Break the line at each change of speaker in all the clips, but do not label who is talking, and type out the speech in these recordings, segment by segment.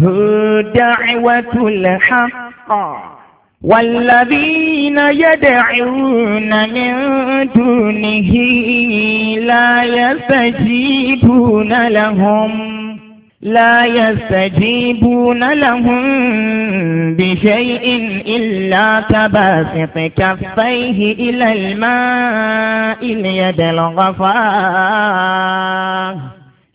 ذو دعوة الحق والذين يدعون من دونه لا يستجيبون لهم لا يستجيبون لهم بشيء إلا كباسط كفيه إلى الماء ليدلغ فاه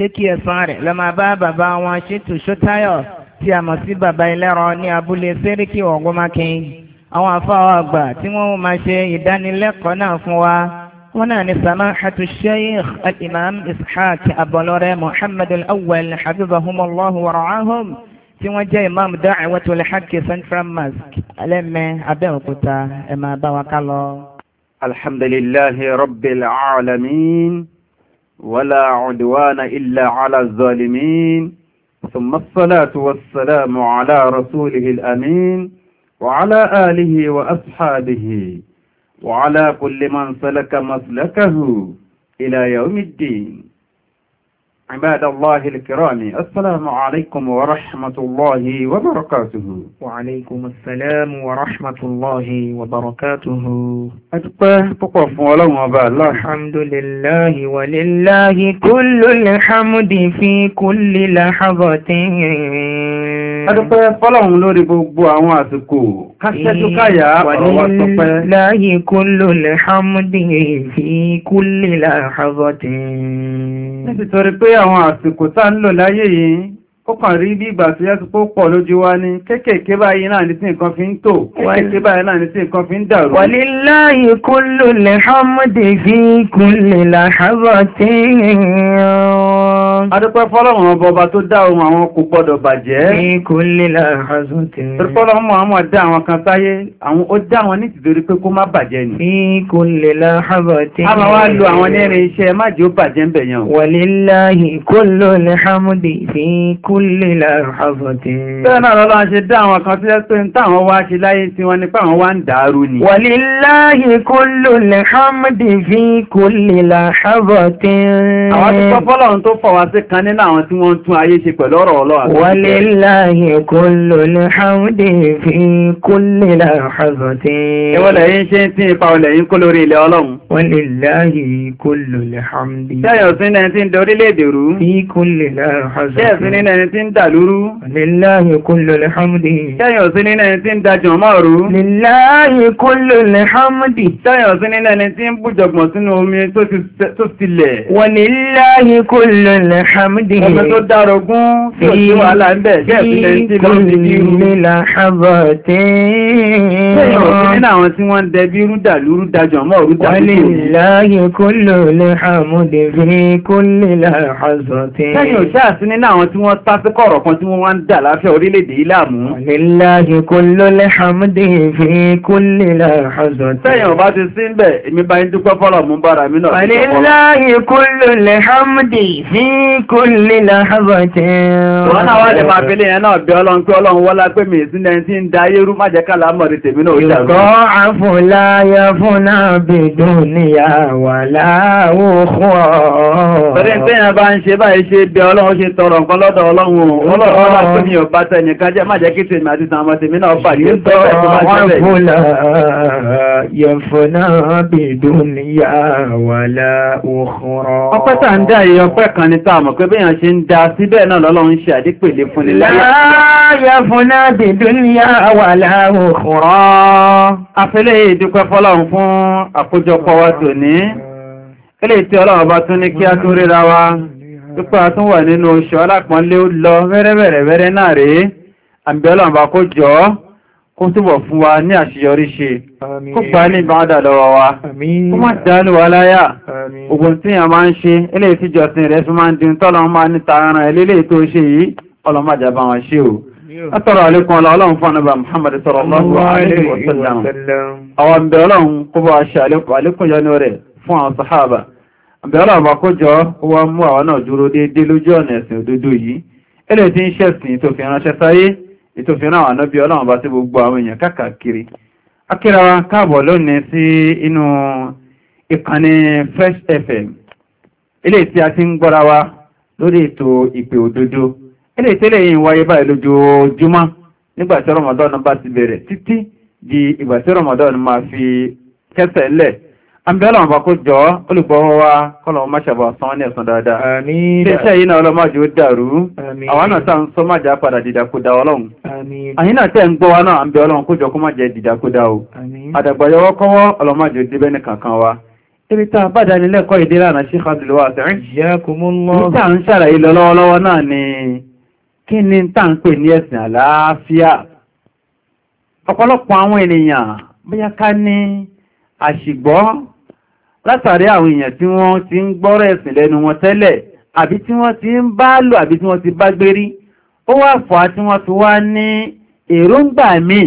pé kí ẹ̀san rẹ̀ lọ máa bá bàbá wọn Ṣítù Ṣótáyọ̀ tí a mọ̀ sí bàbá ẹlẹ́rọ ní abúlé Sẹ́ríkì Ògúnmákin àwọn afáwọ̀ àgbà tí wọ́n máa ṣe ìdánilẹ́kọ̀ọ́ náà fún wa wọ́n náà ní samahatu sheikh al-imam ishaq abọlọ́rẹ́ muhammad al-awwal habibahumullahu wa tí wọ́n jẹ́ imam da'watul haqq central mosque alẹ́mẹ́ abẹ́òkúta ẹ̀ máa bá wa ká lọ.
alhamdulillahi rabbil alamin. ولا عدوان إلا على الظالمين ثم الصلاة والسلام على رسوله الأمين وعلى آله وأصحابه وعلى كل من سلك مسلكه إلى يوم الدين عباد الله الكرام السلام عليكم ورحمة الله وبركاته
وعليكم السلام ورحمة الله وبركاته أتبه
تقف ولو أبالا الحمد
لله ولله كل الحمد في كل لحظة
Adúpẹ́ fọ́lọ̀hun lórí gbogbo àwọn àsìkò, káṣẹ́jú káyà ọ̀rọ̀wà tọpẹ́.
Láyé kó ló lè hámúdí fi kú lè láàárọ̀ tí.
Nítorí pé àwọn àsìkò tá ń lò láyé yìí ó kàn rí bí ìgbà tó yẹ́sù pó pọ̀ lójú wa ní kéèkèé báyìí náà ní tí nǹkan fi ń tò kéèkèé báyìí náà ní tí nǹkan fi ń dàrú. walillahi kullu
lhamdi fi kulli lahazatin.
adúpẹ́ fọ́lọ́run ọba ọba tó dá ohun àwọn kò gbọ́dọ̀ bàjẹ́. fi kulli lahazatin. fọ́lọ́run mọ̀ àwọn dá àwọn kan sáyé ó dá àwọn kulli larhabatin. Bẹ́ẹ̀ náà lọ́lọ́ ṣe dá àwọn kan tí ó pé ń táwọn wá ṣe láyé tí wọ́n nípa àwọn wá kullu
alhamdi fi kulli larhabatin. Àwọn ti àwọn
tí wọ́n tún ayé ṣe pẹ̀lú ọ̀rọ̀ Ọlọ́run.
Walillahi kullu alhamdi fi kulli larhabatin. Ìwọ́n lẹ́yìn
ṣe ń tí ipa ọlẹ́yìn kó lórí Ọlọ́run. kullu alhamdi. Fi
kulli larhabatin tí ń dà lúrú. Lillahi kullul hamdi. Tẹ́yàn
sí nínú ẹni tí ń dajọ̀ mọ́rú. Lillahi kullul hamdi. Tẹ́yàn sí nínú ẹni tí ń bújọgbọ̀n sínú omi tó tilẹ̀. Wa lillahi kullul hamdi. Ọmọ tó dárogún tí ò sí wàhálà ń bẹ̀. Bẹ́ẹ̀ sí lẹ́ni tí lọ́n ti bí irú. Tẹ́yàn sí nínú àwọn tí wọ́n ń dẹ bí irú dà lúrú dajọ̀ mọ́rú dà nínú àwọn tí wọ́n sásíkọ̀ ọ̀rọ̀ kan tí wọ́n wá ń dà láfẹ́ orílẹ̀-èdè ìlàmú.
Lillahi kullul hamdi fi kulli lahzat. Tẹ́yìn
ọba ti sí ń bẹ̀, èmi bá ń dúpẹ́ fọ́lọ̀ mú bára mi náà. Lillahi kullul hamdi fi kulli lahzat. Wọ́n náà wá lè máa fi léyìn náà bí ọlọ́run pé ọlọ́run wọ́lá pé mi sí ẹni tí ń da ayé tèmi náà ó dàrú. Ìkọ́
àfúnláyà
ọlọ́run ọlọ́run ọlọ́run ní ọba Ọpẹ́ tà ń dá iye ọpẹ́ kan ní táàmù pé bẹ́yàn ṣe ń da síbẹ̀ náà lọ́lọ́run ṣe àdípèlé fún ni láyé. Yẹ̀fọ́nà bìdúnìyà fọ́lọ́run fún àkójọpọ̀ wa tòní. Ilé ìtẹ́ ọlọ́run bá tún ní kí á tún ríra wa pípẹ́ àtún wà nínú oṣù alápọ̀nlé ó lọ wẹ́rẹ́wẹ̀rẹ̀wẹ́rẹ́ náà rí àbíọ́lọ́mbà kó jọ kó túbọ̀ fún wa ní àṣeyọrí ṣe kó pa ní ìbáadà lọ́wọ́ wa kó má dánú wa láyà ogun tí a máa ń ṣe ilé ìtìjọsìn rẹ̀ fún máa ń dín tọ́lọ máa ní tààrà ilé tó ṣe yìí ọlọ́màjà bá wọn ṣe o látọ̀rọ̀ àlékún ọlọ́run fún ọ̀nà Muhammad sallallahu alaihi àlékún àbẹ̀rẹ̀ ọba kójọ wọ́n mú àwọn náà dúró déédé lójú ọ̀nà ẹ̀sìn òdodo yìí ẹlẹ́ tí ń ṣẹ̀sìn tó fi ránṣẹ́ sáyé ètò fi rán àwọn ànábí ọlọ́run bá sí gbogbo àwọn èèyàn káàkiri fresh fm ilé tí wa lórí ètò ìpè òdodo ilé tí eléyìí ń wáyé báyìí lójoojúmọ́ nígbà tí ramadan di ìgbà tí ramadan máa fi kẹsẹ̀ lẹ̀ àbẹ́lọ̀ ọ̀bà kó jọ olùgbọ́wọ́ wa kọ́lọ̀ máṣàbọ̀ sán ní ẹ̀sùn dáadáa iléeṣẹ́ yìí náà ọlọ́májú ó dàrú àwọn náà tàn sọ má jà padà dìdàkúdà ọlọ́run àyín náà tẹ́ ń gbọ́ wa náà àbẹ́ ọlọ́run kó jọ kó má jẹ dìdàkúdà o àdàgbàyọwọ́ kọ́wọ́ ọlọ́májú ó débẹ́ ní kankan wa ibi e tá bá dání lẹ́kọ́ ìdílé àná sí Abdulwa àtẹ́rín níta ń ṣàlàyé lọ́wọ́lọ́wọ́ náà ni kí e e ni tá ń pè ní ẹ̀sìn àlàáfíà ọ̀pọ̀lọpọ̀ àwọn ènìyàn bóyá ká ní àṣìgbọ́ látàrí àwọn èèyàn tí wọ́n ti ń gbọ́rọ̀ ẹ̀sìn lẹ́nu wọn tẹ́lẹ̀ àbí tí wọ́n ti ń bá lò àbí tí wọ́n ti bá gbérí ó wà fà tí wọ́n fi wá ní èròǹgbà míì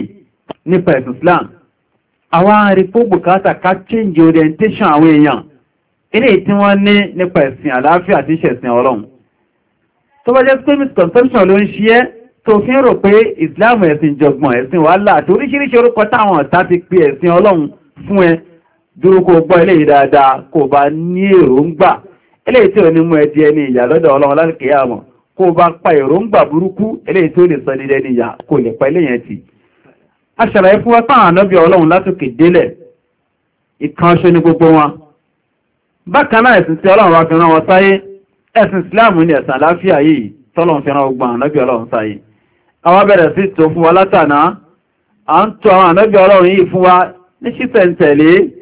nípa ẹ̀sùn àwọn arìpó bùkátà ká change orientation àwọn èèyàn ilé tí wọ́n ní nípa ẹ̀sìn àlàáfíà àti ìṣẹ̀sìn ọlọ́run tó bá jẹ́ pé misconception ló ń ṣe ẹ́ tó fi ń rò pé Islam ẹ̀sìn jọgbọ̀n ẹ̀sìn wàhálà ọlọ́run fún ẹ dúró kó gbọ́ eléyìí dáadáa kó bá ní èròǹgbà eléyìí tí ò ní mú ẹdí ẹni ìyà lọ́dọ̀ ọlọ́run lálùkìyàmọ̀ kó bá pa èròǹgbà burúkú eléyìí tí ó lè sọ dídẹ ní ìyà kó lè pa eléyìí ti a ṣàlàyé fún wọ́n táwọn ànábì ọlọ́run látòkè délẹ̀ ìkanṣe ní gbogbo wọn bákan náà ẹ̀sìn tí ọlọ́run wá fi ní ẹ̀sìn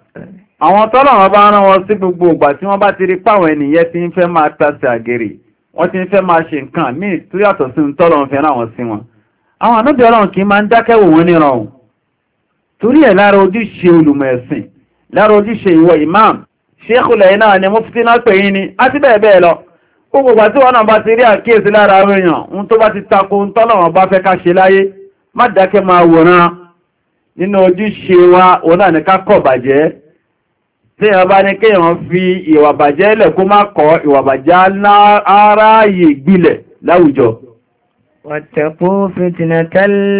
àwọn tọ́lọ̀ wọn bá rán wọn sí gbogbo ìgbà tí wọ́n bá ti rí páwọn ènìyàn tí ń fẹ́ máa tasẹ̀ àgèrè wọ́n ti ń fẹ́ máa ṣe nǹkan míì tó yàtọ̀ sí tọ́lọ̀ ń fẹ́ràn wọn sí wọn àwọn ànábì ọlọ́run kì í máa ń dákẹ́ wò wọ́n torí ẹ̀ lára ojúṣe olùmọ̀ ẹ̀sìn lára ojúṣe ìwọ imam ṣéèkùlẹ̀ náà ni mufti náà pè yín ni á ti bẹ́ẹ̀ bẹ́ẹ̀ lọ gbogbo ìgbà tí wọ́n náà bá ti rí àkíyèsí lára àwọn èèyàn ohun tó bá ti tako ohun tọ́lọ̀ bá fẹ́ ká ṣe láyé má dákẹ́ máa wòran nínú ojúṣe wa òun náà ní ká kọ̀ bàjẹ́ téèyàn bá ní kéèyàn fi ìwà bàjẹ́ lẹ̀ kó má kọ́ ìwà bàjẹ́ aráàyè gbilẹ̀ láwùjọ.
واتقوا فتنة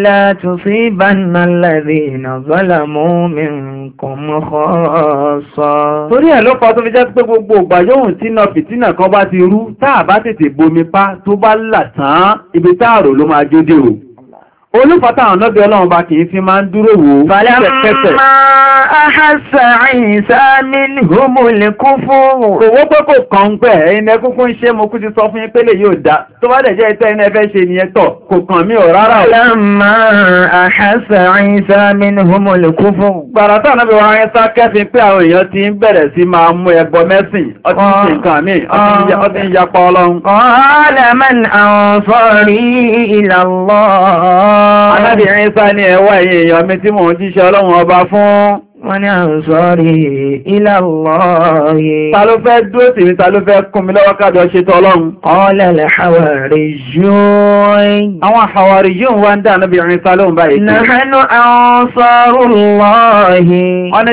لا تصيبن الذين ظلموا منكم
خاصة torí ẹ̀ ló pa tó fi jẹ́ pé gbogbo ìgbà yóò tí náà fìtínà kan bá ti rú tá a bá tètè bomi pa tó bá là tán ibi táàrò ló máa jóde o olúfàtà àwọn ọ̀nọ́bí ọlọ́run bá kìí fi máa ń dúró wò ó pẹ́sẹ̀pẹ́sẹ̀. Ahasa Ìsá minhumul kufuru. Owó pé kò kàn ń pẹ̀, ẹ̀yin ẹ kúkú ń ṣe mo kú ti sọ fún yín pélé yóò dá. Tó bá dẹ̀ jẹ́ ìtẹ́ iná ẹfẹ́ ṣe nìyẹn tọ̀, kò kàn mí ò rárá o. máa mú ẹbọ mẹ́sìn, ọtí ń ṣe nǹkan mí, ọtí ń yapa man ansari ila Anábìnrin sá ní ẹwà ẹ̀yìn èèyàn mi tí mò ń jíṣẹ́ ọlọ́run ọba fún. Wọ́n ní àǹsọ́rí ilá lọ́ọ̀yẹ. Ta ló fẹ́ dúró sí mi, ta ló fẹ́ kún mi lọ́wọ́ kájọ ṣe tọ́ ọlọ́run? Ọlẹ́lẹ̀ àwàrí yóòin. Àwọn àwàrí yóò wá ń dà níbi ìrìn sá báyìí. Nàánú àǹsọ́rù lọ́ọ̀yẹ. Wọ́n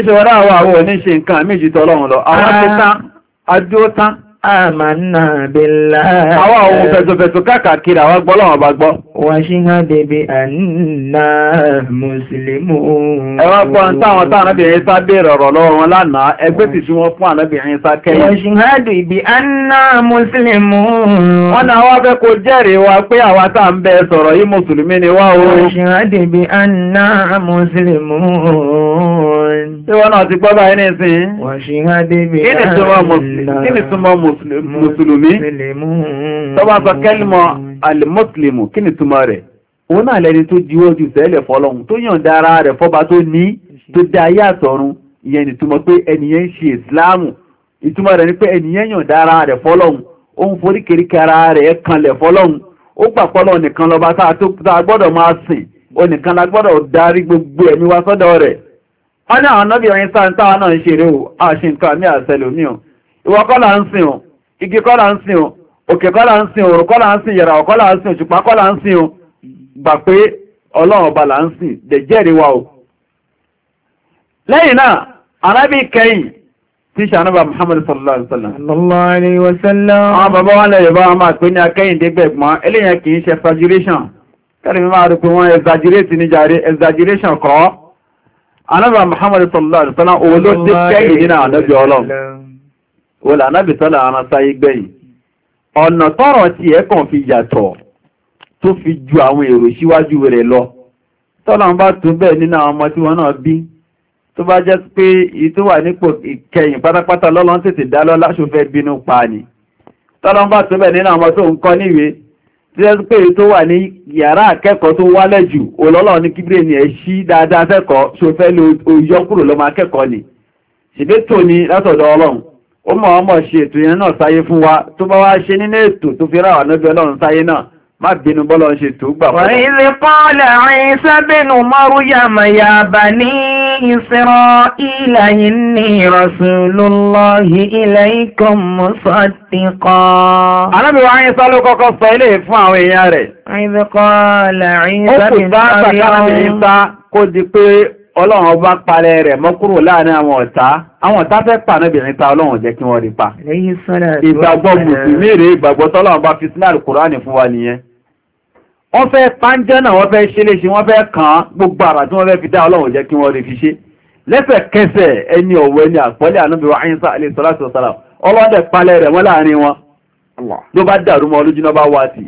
ní àmànà bílá. Àwọn ohun fẹ̀sọ̀fẹ̀sọ̀ káàkiri àwọn gbọ́ lọ́wọ́ bá gbọ́. Wà
ṣí ha bèbè àná Mùsùlùmí.
Ẹ wá gbọ́ ń táwọn táàrẹ́bìnrin sá béèrè ọ̀rọ̀ lọ́wọ́ lánàá, ẹgbẹ́ wọ́n fún sá kẹ́yìn. Wà
ṣí ha bèbè àná Mùsùlùmí. Wọ́n náà
wá fẹ́ kó wa pé àwa tá Ìwọ náà ti gbọ́ báyìí nísìn. Kí ni túnmọ̀ Mùsùlùmí? Tọ́bá sọ kẹ́lìmọ̀ alìmọ́sùlùmù, kí ni túnmọ̀ rẹ̀? Òun náà lẹni tó jíwọ́ jù sẹ́lẹ̀ fọ́lọ́hun tó yàn dára rẹ̀ fọ́ba tó ní tó dá ayé àtọ̀run ìyẹn ni túnmọ̀ pé ẹnìyẹn ń ṣe ìsìláàmù. Ìtumọ̀ rẹ̀ ni pé ẹnìyẹn yàn dára rẹ̀ fọ́lọ́hun, ó ń foríkèríkẹ́ ara rẹ̀ kanlẹ̀ fọ́lọ́hun, ó gbà wọ́n ní àwọn nọ́bí ọ̀yìn sáà ń táwà náà ń ṣeré o àṣì nǹkan mí àṣẹlòmí o ìwọ kọ́là ń sìn o igi kọ́là ń sìn o òkè kọ́là ń sìn òrùn kọ́là ń sìn yẹ̀rà kọ́là ń sìn òṣùpá kọ́là ń sìn o gbà pé ọlọ́run ọba là ń sìn dẹ̀ alayhi wa sallam. àwọn bàbá wọn lè yọba wọn máa pè ní akẹ́yìndégbẹ̀gbọ́n eléyàn kì í exaggeration kẹ́rìmí máa exaggeration kọ́ anábà muhammadu sallallahu alaihi wasallam òun ló dé kẹ́yìn nínú ànábì ọlọ́run wọ́n ànábì sọ́lá ara sáyé gbẹ̀yìn ọ̀nà tọ́rọ̀ tí ẹ kàn fi yàtọ̀ tó fi ju àwọn èrò síwájú rẹ̀ lọ tọ́lá ń bá tún bẹ́ẹ̀ nínú àwọn ọmọ tí wọ́n náà bí tó bá jẹ́ pé èyí tó wà nípò ìkẹyìn pátápátá lọ́lọ́n tètè dá lọ́lá bínú pa ni tọ́lá ń bá tún bẹ́ẹ̀ nínú àwọn tó ń kọ́ níwèé títẹ́ pé tó wà ní yàrá akẹ́kọ̀ọ́ tó wálẹ̀ jù olọ́lọ́ ní kíbrè ní ẹ̀ṣí dáadáa fẹ́kọ̀ọ́ so fẹ́ lo oyọ́kúrò lọ́mọ akẹ́kọ̀ọ́ ni ṣèdé tò ní látọ̀dọ̀ ọlọ́run ó mọ̀ ọmọ ṣe ètò yẹn náà sáyé fún wa tó bá wá ṣe nínú ètò tó fi ráwà lọ́bẹ̀ ọlọ́run sáyé náà má bínú bọ́lọ́ ṣe tó gbà fún
wa. إسرائيل إِنِّي رَسُولُ اللَّهِ إليكم مصدقا أنا
بوعي صالو كوكو صيلي فاو ياري إذ قال عيسى بن مريم kó di pé ọlọ́run ọba parẹ́ rẹ̀ mọ́ kúrò láàrin àwọn ọ̀tá àwọn ọ̀tá fẹ́ pà náà bìnrin ta ọlọ́run jẹ́ kí wọ́n rí pa ìgbàgbọ́ mùsùlùmí rèé ìgbàgbọ́ tọ́lọ́run bá fi sínú àlùkùránì fún wa nìyẹn wọ́n fẹ́ pàǹjẹ́ náà wọ́n fẹ́ ṣe léṣe wọ́n fẹ́ kàn án gbogbo àrà tí wọ́n fẹ́ fi dá ọlọ́run jẹ́ kí wọ́n rí fi ṣe lẹ́sẹ̀kẹsẹ̀ ẹni ọ̀wọ́ ẹni àpọ́lẹ̀ ànábìwá àyínsá alẹ́ sọ́lá sọ́sọ́lá ọlọ́dẹ̀ palẹ̀ rẹ̀ wọ́n láàrin wọn ló bá dàrú mọ́ olójúná bá wá sí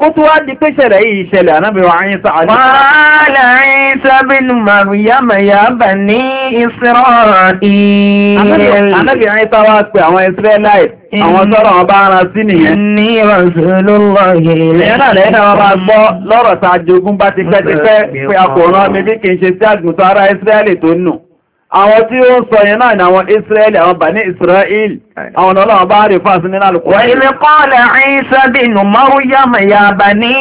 kó tó wá di pé ṣẹlẹ̀ yìí ṣẹlẹ̀ ànábìwà àyíṣà àti wàhálà àyíṣà bínú Maryam ya bani Isra'il ànábìwà àyíṣà wá pé àwọn Israelite àwọn sọ́rọ̀ wọn bá ara sí nìyẹn ní rasulullahi lẹ́nà lẹ́nà wọn bá gbọ́ lọ́rọ̀ tá jogún bá ti pẹ́ ti pẹ́ pé akọ̀rán mi bí kì í ṣe sí àgùntàn ara Israeli tó àwọn ọlọ́run bá rí fásin nínú àlùkò. wà ilé kọ́ọ̀lẹ̀ Ìsá bínú Mọ́rúyàmù ya bani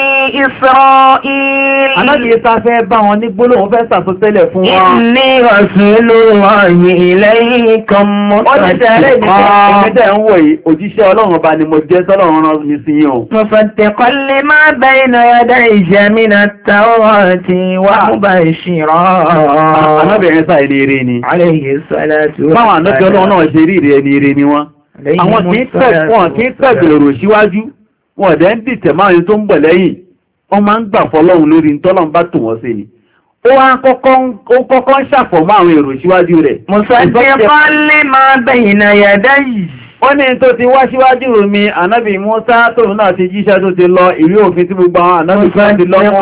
Isra'il. anábì Ìsá fẹ́ bá wọn ní gbólóhùn fẹ́ sàtúntẹ́lẹ̀ fún wọn. inni rasulullahi ilaykum mọ́tàdínlẹ́kọ́.
musaddiqan lima bayna yadayya minat tawrati wa mubashiran. anábì
Ìsá ẹni eré ni. alayhi salatu wa salam. báwọn anábì ọlọ́run náà ṣe rí ìrẹ́ ẹni eré ni wọ́n. àwọn tí ń tẹ̀gbèrò síwájú wọn ọ̀dẹ́ ń dìtẹ̀ márùn tó ń bọ̀ lẹ́yìn wọ́n máa ń gbà fọ́lọ́run lórí tọ́lọ́run bá tò wọ́n sí ni ó wá kọ́kọ́ ń ṣàfọ̀mọ́ àwọn èrò síwájú rẹ̀ ó ní tó ti wá síwájú mi ànábì Mùsá tóun náà ti jíṣẹ́ tó ti lọ ìwé òfin tí gbogbo àwọn ànábì tó ti lọ́wọ́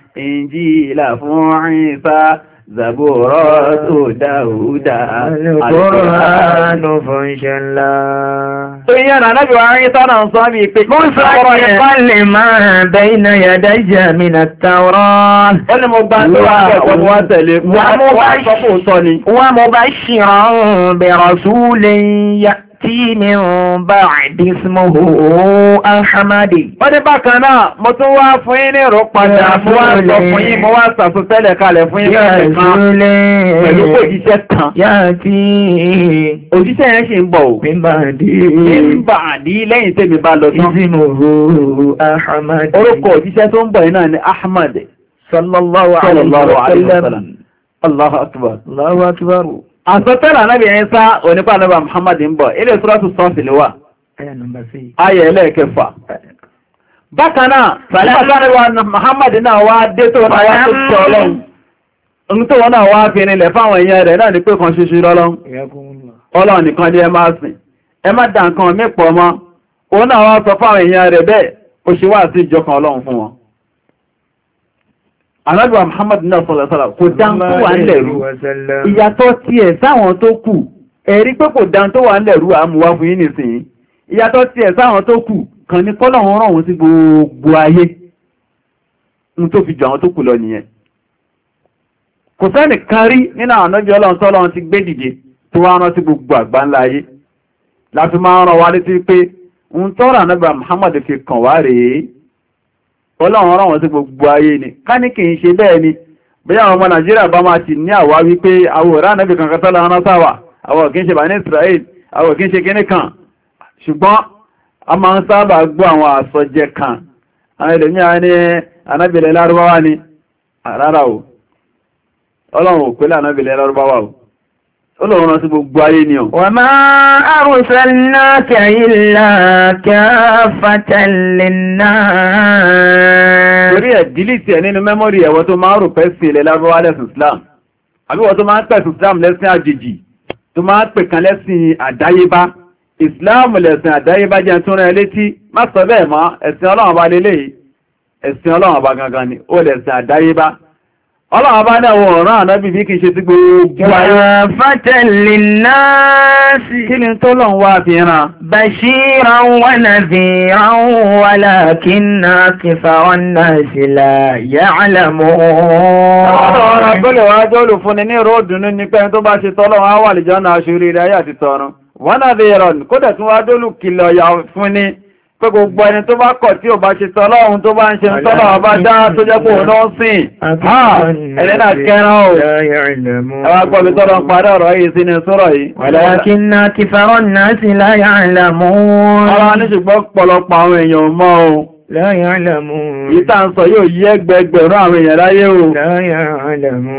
ìnjílà fún ìfà zàbúrọ́ tó dáúdà
alùkùránù fún ṣẹlá
tó yẹ́ na nábi wa rí sọ́nà sọ́ bí pé mún sọ́rọ̀ yẹ pálẹ̀ máa bẹ́ẹ̀nà yàdá jẹ́ mìnà tàwọ́rọ́ ó ní mo bá ṣìrán
bẹ̀rọ̀ ya'ti min ba'di ismuhu
Ahmad. wọ́n ní bákan náà mo tún wá fún yín ní ìró mo wá sọ fún yín mo wá sàtún tẹ́lẹ̀ kalẹ̀ fún yín sallallahu alayhi wa sallam. akbar. Allahu akbar. àsọtẹ́lẹ̀ anábì ẹ̀yìn sá onípa anábà Muhammad ń bọ̀ ilé ìsúrọ́tù sọ́ọ̀sì lè wà ayẹ̀ ẹlẹ́ẹ̀kẹfà bákan náà sàlẹ́sàlẹ́wà Muhammad náà wá dé tó náà wá tó tọ́ na ohun wọ́n náà wá fi rinlẹ̀ fáwọn èèyàn rẹ̀ náà ní pé kan ṣíṣí alágbà Muhammad náà sọ̀lọ̀sọ̀lọ̀ kò dán tó wà ń lẹ̀rú ìyàtọ̀ tí ẹ̀ sáwọn tó kù ẹ̀rí pé kò dán tó wà ń lẹ̀rú àmúwá fún yí nìsìn ìyàtọ̀ tí ẹ̀ sáwọn tó kù kàn ní kọ́lọ̀hún rán òun sí gbogbo ayé ń tó fi jù àwọn tó kù lọ nìyẹn kò sẹ́nì kan nínú àwọn ọjọ́ Muhammad fi ọlọ́run rán wọn sí gbogbo ayé ni ká ní kìí ṣe bẹ́ẹ̀ ni bí àwọn ọmọ Nàìjíríà bá máa ti ní àwá wípé àwòrán náà fi kankan tọ́lá rán sáwà àwọn kìí ṣe bá ní Israel àwọn ṣe kíní kan ṣùgbọ́n a máa ń sábà gbọ́ àwọn àsọjẹ kan àwọn ẹlòmíà ní o ọlọ́run anábìlẹ̀ o Ọlọ́run sí gbogbo ayé ni ọ̀. Wa ma arsalnaka illa kaffatan linnas. Torí ẹ̀ dìlítì ẹ̀ nínú mẹ́mọ́rì ẹ̀wọ́ tó máa rò pẹ́ sí ilẹ̀ lárúbáwá lẹ́sìn Islam. Àbí wọ́n tó máa ń pẹ̀sìn Islam lẹ́sìn àjèjì, tó máa ń pè kan lẹ́sìn àdáyébá. Islam lẹ̀sìn àdáyébá jẹ́ tún rẹ̀ létí, má sọ bẹ́ẹ̀ mọ́, ẹ̀sìn Ọlọ́run bá leléyìí, ẹ̀sìn Ọlọ́run bá gangan ni, ó lẹ̀sìn àdáyébá ọlọ́wọ́ bá náà wọ̀n rán ànábì bí kí n ṣe tí gbogbo ayé fàtẹ̀lì náà kí ni tó lọ́n wá fi rán bashiran wa nadhiran
walakinna akthara an-nasi la ya'lamun ọlọ́wọ́
rabbele wa jolu fúnni ní ròdùnú ní pé tó kódẹ̀ tún wá dólù kìlọ̀ yà fúnni pé gbogbo ẹni tó bá kọ̀ tí ò bá ṣe tọ́lọ́run tó bá ń ṣe tọ́lọ̀ ọba dá tó jẹ́ pò náà sìn ẹ̀rẹ́ kẹran ò ẹwà gbọ́bí ń parí ọ̀rọ̀ yìí sínú sọ́rọ̀ yìí walakinna nasi la ya'lamun ara ní ṣùgbọ́n pọ̀lọpọ̀ àwọn èèyàn mọ́ o Ìta ń sọ yóò yí ẹgbẹgbẹ̀rún àwọn èèyàn láyé o.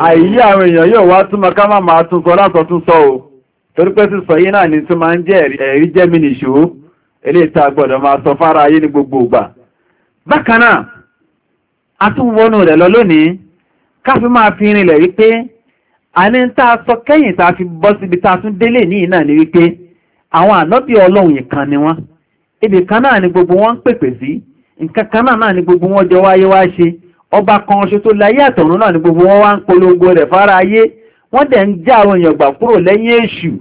Àìyí àwọn èèyàn yóò wá túnmọ̀ ká máa máa tún látọ̀ tún sọ o. Torípé sísọ yí náà ni tún máa ń jẹ́ ẹ̀rí jẹ́mi nìṣòó. ele tá agbọdọ gbọ́dọ̀ máa sọ fára ayé ní gbogbo ìgbà bákan a tún wọnú rẹ̀ lọ lónìí ká fi máa fi rinlẹ̀ wípé a ní tá a sọ kẹ́yìn tá a fi bọ́ síbi tá a tún délé níyì náà ni wípé àwọn ànábì ọlọ́run ìkan ni wọ́n ibì kan náà gbogbo wọn ń pèpè sí nǹkan kan náà ni gbogbo jọ wáyé ọba kan tó láyé àtọ̀run náà gbogbo wá ń polongo rẹ̀ fára ayé wọ́n dẹ̀ ń já àwọn èèyàn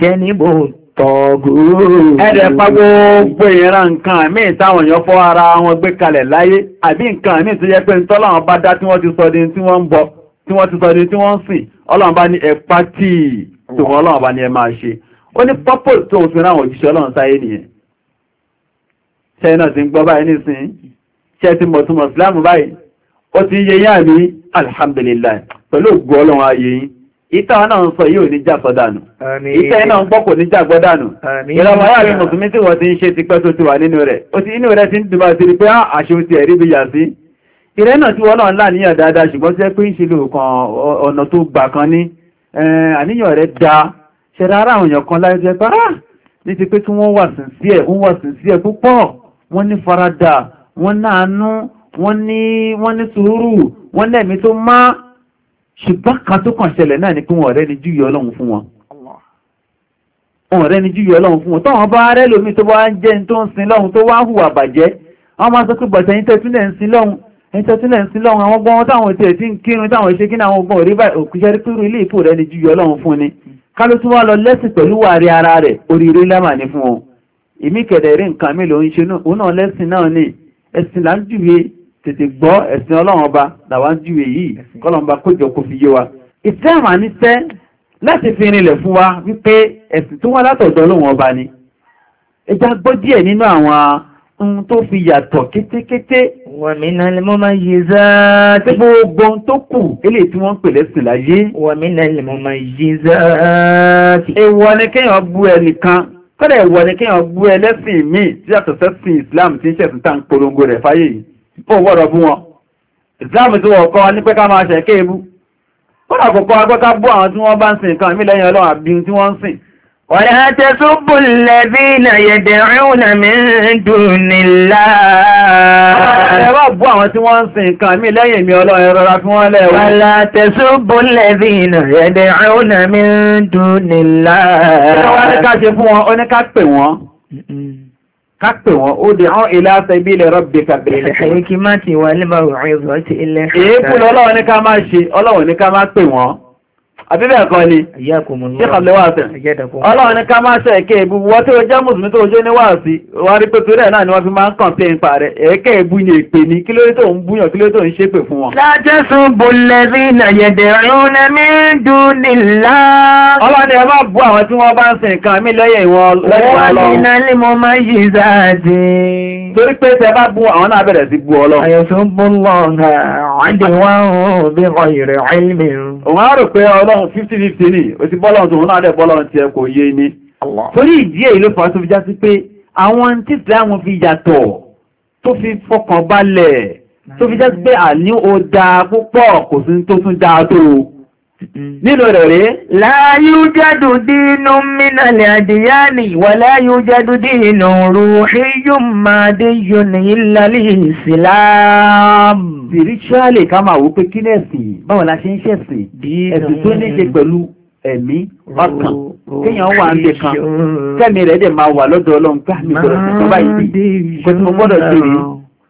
jẹ́nìbò tọ̀gù. ẹ̀rẹ̀ pa gbogbo ìran nǹkan àmì ìtawọn èèyàn fọ́ ara wọn gbé kalẹ̀ láyé àbí nǹkan àmì tó yẹ pé ń tọ́lá wọn bá dá tí wọ́n ti sọ di tí wọ́n ń bọ tí wọ́n ti sọ di tí wọ́n ń sìn ọlọ́run bá ní ẹ̀pá tí tòun ọlọ́run bá ní ẹ máa ṣe ó ní pọ́pọ̀ tó ń fi ráwọn òjíṣẹ́ ọlọ́run sáyé nìyẹn alhamdulillah pẹ̀lú ògbó ọlọ́run ìtàn náà ń sọ yóò ní jàgbọ́dánù ìtẹ́ náà ń gbọ́ kò ní jàgbọ́dánù ìrọ̀mọ̀ yà rí mùsùlùmí tí wọ́n ti ń ṣe ti pẹ́ tó ti wà nínú rẹ̀ ó ti inú rẹ̀ ti ń dùbà sí pé ah, àṣẹ ti ẹ̀rí bí yà sí ìrẹ́ náà tí wọ́n náà láníyàn dáadáa ṣùgbọ́n tí ẹ pé ń ṣe lò kan ọ̀nà tó gbà kan ní àníyàn rẹ̀ da ṣẹ̀rá ara àwọn èèyàn kan láyé jẹ́ pé ah, ní ti pé kí wọ́n wà sí sí ẹ̀ wọ́n wà sí sí ẹ̀ púpọ̀ wọ́n ní faradà wọ́n náà nú wọ́n ní sùúrù wọ́n lẹ́mí tó máa ṣùgbọ́n kan tó kàn ṣẹlẹ̀ náà ni pé wọn ọ̀rẹ́ ni júwe ọlọ́run fún wọn wọn ọ̀rẹ́ ni júwe ọlọ́run fún wọn tọ́wọ́n bá rẹ́ lómi tó wá ń jẹ́ tó ń sin lọ́hun tó wá hùwà bàjẹ́ wọ́n máa sọ pé bọ̀tẹ̀ yín tẹ́túnlẹ̀ ń sin lọ́hun ẹ̀yìn tẹ́túnlẹ̀ ń sin lọ́hun àwọn ọgbọ́n táwọn tiẹ̀ ti ń kírun táwọn ṣe kí àwọn ọgbọ́n orí òkúṣẹ́ pẹ̀lú ilé ìfò rẹ̀ ni júwe ọlọ́run ẹ̀sìn là tètè gbọ́ ẹ̀sìn ọlọ́run ọba làwọn ń júwe yìí kọ́lọ́mbà kójọ kò fi yé wa ìsẹ́mà ní tẹ́ láti fi rinlẹ̀ fún wa wípé ẹ̀sìn tó wá látọ̀dọ̀ ọlọ́run ọba ni ẹja gbọ́ díẹ̀ nínú àwọn ohun tó fi yàtọ̀ kétékété wàmínà lè mọ́ máa yé záà tí gbogbo tó kù eléyìí tí wọ́n ń pè lẹ́sìn láyé wàmínà lè mọ́ máa yé záà tí èèwọ̀ ni kéèyàn bú ẹnìkan kọ́dà èèwọ̀ ni kéèyàn bú ẹlẹ́sìn míì tí yàtọ̀ sẹ́sìn Islam tí ń ṣẹ̀sìn tá à ń polongo rẹ̀ fáyé yìí ó wọ́rọ̀ bú wọn ìsìláàmù tí wọ́n kọ́ ní pé ká máa ṣẹ̀ kéèbú kọ́nà kọ̀kọ́ agbẹ́ká bú àwọn tí wọ́n bá ń sin nǹkan mí lẹ́yìn ọlọ́run àbí tí wọ́n ń sìn ولا تسبوا الذين يدعون من دون الله Ẹwà bú àwọn tí wọ́n ń sin nǹkan mí lẹ́yìn mi ọlọ́run rọra fún wọn lẹ́wọ́. ولا تسبوا الذين يدعون من دون الله. Ẹwà ní ká ṣe fún wọn, ó ní ká pè wọ́n kápẹ̀ wọn ó dẹ̀ hàn ìlàsẹ̀ ibi ilẹ̀ rọ́bì kàbẹ̀ ilẹ̀ lọ́wọ́ ní ká má ṣe ọlọ́wọ́ ní ká má pè wọ́n àbíbẹ̀ ẹ̀kọ́ ni ṣíkàlẹ̀ wáàsí ọlọ́run ní ká máa ṣe ẹ̀kẹ́ ìbú wọ́n tí ó jẹ́ mùsùlùmí tó jẹ́ ní wáàsí wọ́n rí pé torí ẹ̀ náà ni wọ́n fi máa ń kàn pé ń rẹ̀ ẹ̀kẹ́ ìbú ni èpè ní kí lórí tó ń búyàn kí lórí tó ń ṣépè fún wọn. látẹ́sùn bọ̀lẹ́sí nàyẹ̀dẹ̀ rún mi dùn nílá. ọlọ́ ọlọ́run 50-50 ní o ti bọ́lọ́run tó náà dẹ̀ bọ́lọ́run ti ẹkò yé ní torí ìdí èyí ló fàá tó fi já sí pé àwọn tí ìsìláàmù fi yàtọ̀ tó fi fọkàn balẹ̀ tó fi já sí pé àní ó dáa púpọ̀ kò sí tó tún dáa tó Nínú rẹ̀ rí. Láyú jádù dínú
mínàlẹ̀ àdìyáni wà láyú jádù dínú rúhíyùn máa dé
yóò ní ìlàlẹ̀ ìsìláàmù. Spiritually ká máa wó pé kí lẹ́sìn báwo la ṣe ń ṣẹ̀sìn. Ẹ̀sìn tó ní ṣe pẹ̀lú ẹ̀mí ọkàn kéèyàn wà ń bẹ kan kẹ́mi rẹ̀ dẹ̀ máa wà lọ́dọ̀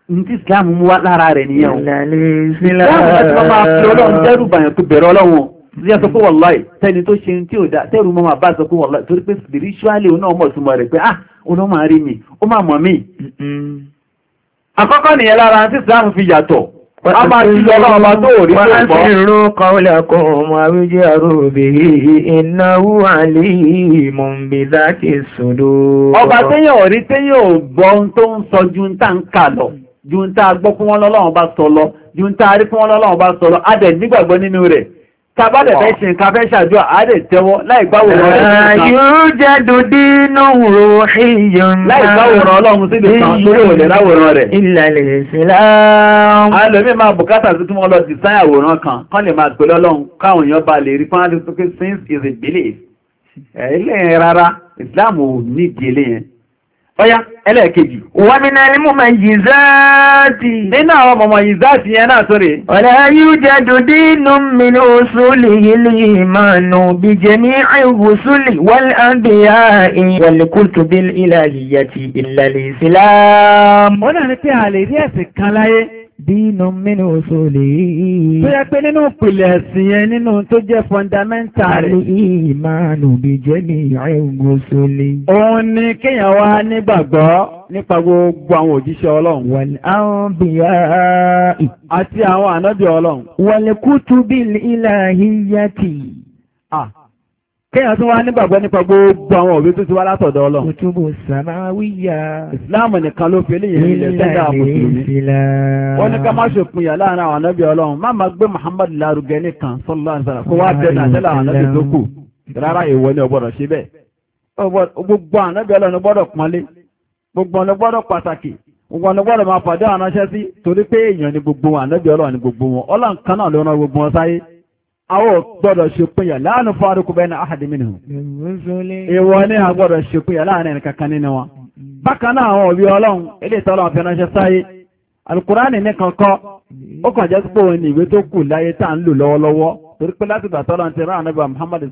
ntí ah, Islam mú wá lára rẹ̀ nìyẹn o. Islam ti máa fi Ọlọ́run dẹ́rù bàyàn tó bẹ̀rẹ̀ Ọlọ́run tí a sọ pé wàláì tẹni tó ṣe tí ò dá tẹ́rù mọ́ máa bá sọ pé wàláì torí pé spiritually òun náà mọ̀ túnmọ̀ rẹ̀ pé ah òun máa rí mi ó máa mọ̀ mí. àkọ́kọ́ nìyẹn lára tí Islam fi yàtọ̀ a máa ti lọ ọlọ́run bá tó rí tó wọ́n ti rú kọ́lẹ̀ kó àwíjẹ́ àròbè ìnáwó àlèmọ̀ bìlá ti sòdò. ọba téèyàn ò rí téèyàn tó ń sọ ju ń tà ń kà lọ ju ń tà gbọ́ fún wọn lọ́lọ́run bá sọ lọ ju ń tà rí fún wọn lọ́lọ́run bá sọ lọ á nígbàgbọ́ nínú rẹ̀ tàbádẹ̀ fẹ́ ṣe nǹkan fẹ́ ṣàdúrà àádẹ̀ tẹ́wọ́ láìgbáwòrán ọlọ́run yóò jẹ́ dòdí nóhùrò ṣíyàn láìgbáwòrán ọlọ́run síbi kan lórí òlè láwòrán rẹ̀ ìlàlẹ̀ ìsìláàmù alòmí máa bùkátà sí túnmọ́ lọ since is a belief ẹ̀ẹ́lẹ́yìn rárá ìsìláàmù ò nídìí eléyẹn ọyá ẹlẹ́ẹ̀kejì. wọ́n mi náà ní mú máa yìí záàtì. nínú àwọn ọmọ ọmọ yìí záàtì yẹn náà sórí. ọ̀rẹ́ yóò jẹ́ dòdí
inú mi ní oṣù lè yí lè bí jẹ́mi àìwòsù lè wọ́n àbíyá bí ilẹ̀ àyíyá ti ìlàlẹ̀ ìsìlámù.
ó náà ní pé
dínú mínú òṣòlè yìí. tó
yẹ pé nínú ìpìlẹ̀ ẹ̀sìn yẹn nínú tó jẹ́ fọ́ndámẹ́ntà rẹ̀.
ní ìmánu bí jẹ́ ní ìrìn òṣòlè.
òun ni kéèyàn wá nígbàgbọ́ nípa gbogbo àwọn òjíṣẹ́ ọlọ́run. wọ́n àwọn bìyà àti àwọn ànábì ọlọ́run. wọ́n lè kútu bí ilẹ̀ àhíyá tì kéèyàn tún wá nígbàgbọ́ nípa gbogbo àwọn òwe tó ti wá látọ̀dọ̀ ọlọ́run. kutubu samawiya. ìsìláàmù nìkan ló fi eléyìí nílẹ̀ sẹ́dá mùsùlùmí. wọ́n ní ká má ṣe pínyà láàrin àwọn anábì ọlọ́run má máa gbé muhammad lárugẹ nìkan sọ́lá àṣàrà kó wá bẹ́ẹ̀ náà tẹ́lẹ̀ àwọn anábì tó kù rárá ìwọ ni ọgbọ́dọ̀ ṣe bẹ́ẹ̀. gbogbo anábì ọlọ́run gbọ́dọ̀ pọ́nlé gbogbo ọ̀nà awo gbọdọ ṣèpínyà láàánú fárúkú bẹ́ẹ̀ ní ahadi minhu ìwọ ní a gbọ́dọ̀ ṣèpínyà láàrin ẹni kankan bákan náà àwọn òbí ọlọ́run ilé ìtọ́lọ̀ fi sáyé alukurani ní kankan ó kàn jẹ́ òun ìwé tó kù láyé tá à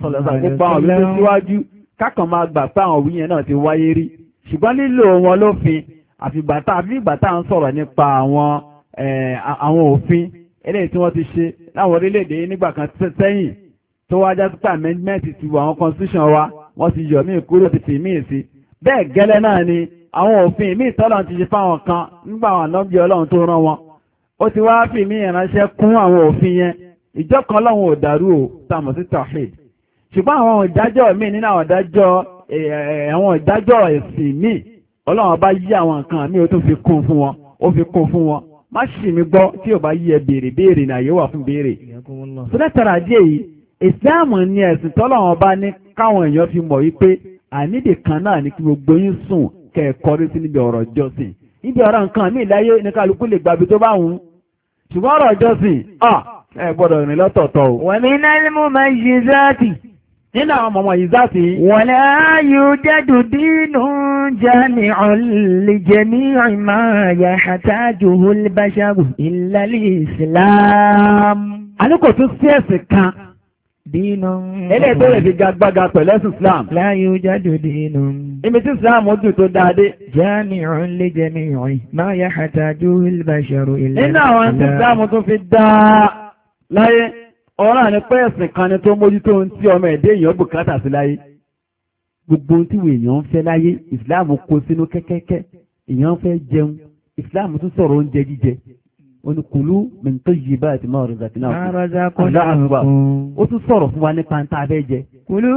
tó síwájú kákan máa gbà pé àwọn òbí yẹn náà ti wáyé rí ṣùgbọ́n lílo wọn lófin tá à ń eléyìí tí wọ́n ti ṣe láwọn orílẹ̀-èdè nígbà kan sẹ́yìn tó wá já sípà amendmenti ti wọ àwọn constitution wa wọ́n ti yọ̀ míì kúrò ti fi míì sí bẹ́ẹ̀ gẹ́lẹ́ náà ni àwọn òfin míì tọ́lọ̀ ti ṣe fáwọn kan nígbà àwọn ànábì ọlọ́run tó rán wọn ó ti wá fi míì ránṣẹ́ kún àwọn òfin yẹn ìjọ kan lọ́run ò dàrú o tàmọ̀ sí tawhid ṣùgbọ́n àwọn ìdájọ́ míì nínú àwọn ìdájọ́ àwọn ìdájọ́ ẹ̀sìn míì ọlọ́run bá yí àwọn nǹkan míì ó tún fi kún fún wọn ó fi kún fún wọn má ṣì mí gbọ́ tí ò bá yí ẹ béèrè béèrè náà yóò wà fún béèrè. sọ́dọ̀tara díẹ̀ yìí ìsìláàmù ni ẹ̀sìn tọ́lọ́wọ́n bá ní káwọn èèyàn fi mọ̀ wípé ànídè kan náà ni kí gbogbo yín sùn kẹ́ẹ̀kọ́rí sí níbi ọ̀rọ̀ jọ́sìn níbi ọ̀rọ̀ nǹkan mí láyé ní kálukú lè gbàgbé tó bá wùn ṣùgbọ́n ọ̀rọ̀ jọ́sìn ẹ gbọ́dọ̀ rìn lọ́tọ̀ọ̀tọ̀ o. wàmí nínú àwọn ọmọ yìí záti.
wọ́n láàyò jẹ́dù dínú jẹ́ni ọ̀lẹ́jẹ́ ní ìmọ̀ àyà àtàjù olùbáṣàbù ìlàlẹ̀ islam.
a ní kò tún sí ẹ̀sìn kan. dínú. eléyìí tó lè fi gagbága pẹ̀lú ẹ̀sìn islam. láàyò jẹ́dù dínú. ibi tí islam ó dùn tó dáadé. jẹ́ni ọ̀lẹ́jẹ́ ní
ìmọ̀ àyà àtàjù olùbáṣàbù ìlàlẹ̀ islam. nínú àwọn tí islam tún fi dá láyé
ọ̀rọ̀ ni pé ẹ̀sìn kan ni tó mójútó ń tí ọmọ ẹ̀dẹ́ èèyàn bùkátà sí láyé gbogbo ohun tí èèyàn ń fẹ́ láyé ìsìláàmù kó sínú kẹ́kẹ́kẹ́ èèyàn fẹ́ jẹun ìsìláàmù tún sọ̀rọ̀ oúnjẹ jíjẹ onukulu mẹ́ntọ́ yìí bá àti máa rẹ̀ zàtì náà kún aláàmúbà ó tún sọ̀rọ̀ fún wa nípa níta abẹ́ jẹ
kulu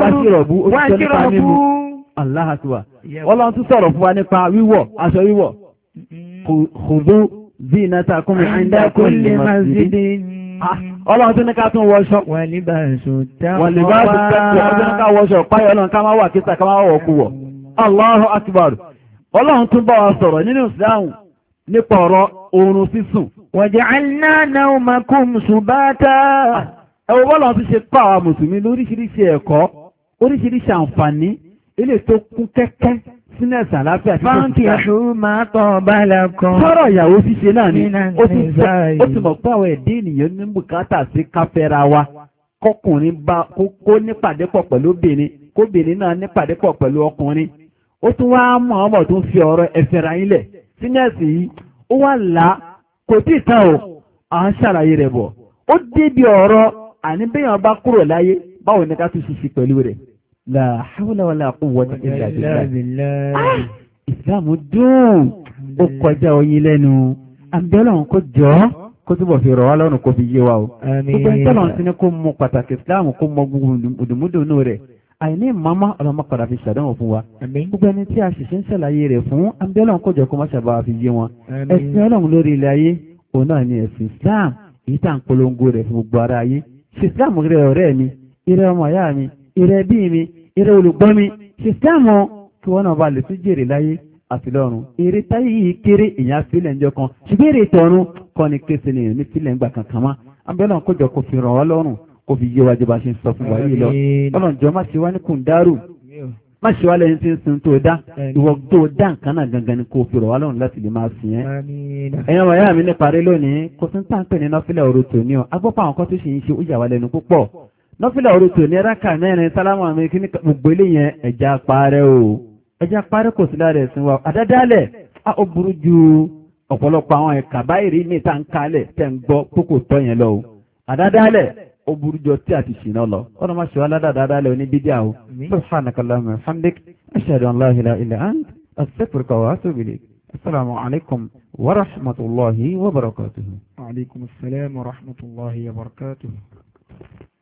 wáṣírọ̀bù
ó tún sọ nípa mímu aláhàtúwà ọlọ́run tún sọ̀rọ̀ fún wa nípa wíwọ̀ aṣọ wíwọ̀ kùdú zinatakum inda kulli masjidin ọlọ́run tó ní ká tún wọṣọ. wọ́n lè bá ẹ̀sùn tẹ́wọ́ wọ́n lè bá ẹ̀sùn tẹ́wọ́ ọlọ́run tó ní ká wọṣọ páyọ̀ ọlọ́run ká má wà kíta ká má wọ̀ kú wọ̀. Allahu akbar ọlọ́run tún bá wa sọ̀rọ̀ nínú ìsìláhùn nípa ọ̀rọ̀ oorun sísùn. ilé tó kún kẹ́kẹ́ sínẹ̀sì àlàáfíà tí kò sí. fáńkì ẹ̀ṣù máa
tọ̀ balẹ̀ kan. sọ̀rọ̀ ìyàwó ṣíṣe náà ni ó ti mọ̀
pé àwọn ẹ̀dín ènìyàn ní bùkátà sí káfẹ́ra wa kọkùnrin bá kó nípàdé pọ̀ pẹ̀lú obìnrin kóbìnrin náà nípàdé pọ̀ pẹ̀lú ọkùnrin ó tún wá mọ̀ ọmọ tó ń fi ọ̀rọ̀ ẹ̀fẹ̀ra ilẹ̀ sínẹ́ẹ̀sì yìí ó wá là kò tí ì tán o à ń ṣàlàyé rẹ̀ bọ̀ ó débi ọ̀rọ̀ àní béèyàn la hawla wala quwwata illa billah ah, ìsìláàmù dùn ó kọjá oyin lẹ́nu àbẹ́lọ́n kó jọ kó túbọ̀ fi rọ̀ wá lọ́rùn kó fi yé wa o gbogbo ìtọ́lọ̀ sí ni kó mọ pàtàkì ìsìláàmù kó mọ gbogbo òdùmúdùnú rẹ̀ àìní màmá ọlọ́mọ padà fi ṣàdánwò fún wa gbogbo ẹni tí a ṣiṣẹ́ ń ṣàlàyé rẹ̀ fún àbẹ́lọ́n kó jọ kó má ṣàbáwá fi yé wọn ẹ̀sìn ọlọ́run lórí ilẹ̀ ayé òun náà ni ẹ̀sìn islam èyí tá à ń polongo rẹ̀ fún gbogbo ara ayé ṣe islam rẹ̀ ọ̀rẹ́ mi ìrẹ́ ọmọ ìyá mi ìrẹ́ bí mi eré olùgbọ́mi sísẹ́mù kí wọ́n náà bá lè tún jèrè láyé àti lọ́run eré táyé yìí kéré èèyàn fílẹ̀ ńjọ kan ṣùgbọ́n eré tọ̀run kọ́ ni kése ni ní fílẹ̀ ńgbà kankan mọ́ abẹ́lẹ̀ kọjọ kò fi ràn wá lọ́rùn kò fi yé wájú bá ṣe ń sọ fún wa yìí lọ ọlọ́njọ́ má ṣe wá ní kùndárù má ṣe wá lẹ́yìn tí ń sin tó dá ìwọ tó dá nǹkan náà gangan ni kò fi ràn wá lọ́rùn láti lè máa sìn ẹ́ ẹ̀yin ọmọ ìyá mi ní parí lónìí kò sí ń tàǹpẹ̀ ní nọ́fílẹ̀ òru tòní o agbọ́pọ̀ nọ́fílà orí tò ní ẹ́ráka mẹ́rin sálámà mi kí ní gbogbo ilé yẹn ẹja parẹ́ o ẹja parẹ́ kò sí lára ẹ̀sìn wa àdádálẹ̀ a ó burú ju ọ̀pọ̀lọpọ̀ àwọn ẹ̀ka báyìí ní ìta ń kalẹ̀ tẹ̀ ń gbọ́ kókò tọ́ yẹn lọ o àdádálẹ̀ ó burú jọ tí a ti ṣìnà lọ ọ̀nà máa ṣe wá ládàá àdádálẹ̀ oníbídíà o subhanakallahumma wa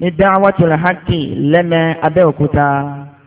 ní dáwọ́tò làhákì lẹ́mẹ Abẹ́òkúta.